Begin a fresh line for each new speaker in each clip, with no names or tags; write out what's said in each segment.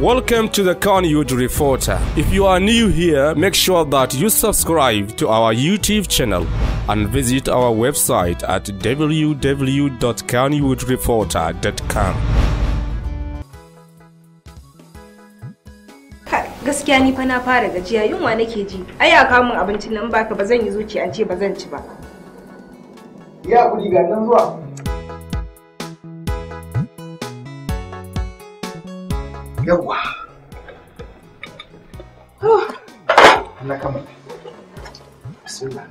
Welcome to the Khan Youth Reporter. If you are new here, make sure that you subscribe to our YouTube channel and visit our website at www.kannywoodreporter.com.
gaskiya ni fa na fara gajiya yunwa nake ji ai ya kawo min abincin nan baka ba zan yi zuciya an ce ba zan ci ba ya kudi ga nan zuwa yawa na kama bismillah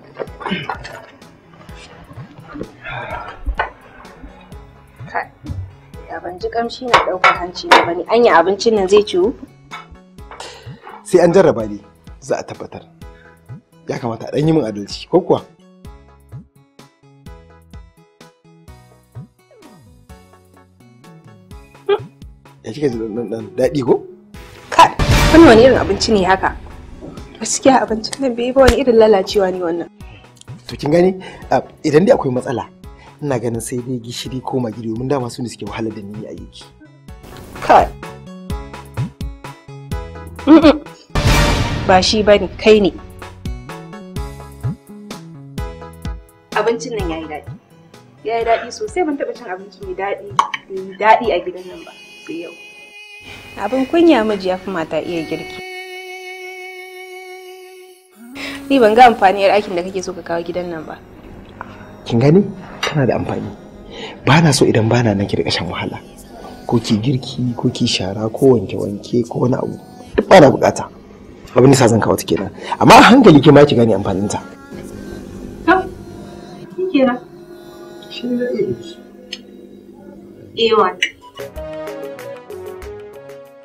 da kamshi na ɗaukar hanci ba bane anya abincin nan zai ciwu sai an jarraba ne za a tabbatar ya kamata a yi min adalci ko kuwa hmm. ya kika dan daɗi ko kai wani wani irin abinci ne haka gaskiya abincin nan bai ba wani irin lalacewa ne wannan to kin gani idan dai akwai matsala ina ganin sai dai gishiri ko magi domin dama su ne suke wahala da ni a yaki kai ba shi bane kai ne abincin nan yayi dadi yayi daɗi sosai ban taɓa cin abinci mai daɗi daɗi a gidan nan ba girki yau abin kunya miji ya fi mata iya girki ni ban ga amfani amfaniyar aikin da kake so ka kawo gidan nan ba kin gani Kana da amfani ba na so idan ba na nan ki da shan wahala ko ki girki ko ki shara ko wanke wanke ko wani abu duk ba na bukata abin nisa zan kawo ta kenan amma a hankali ke ma ki gane amfanin ta kenan shi ne
eh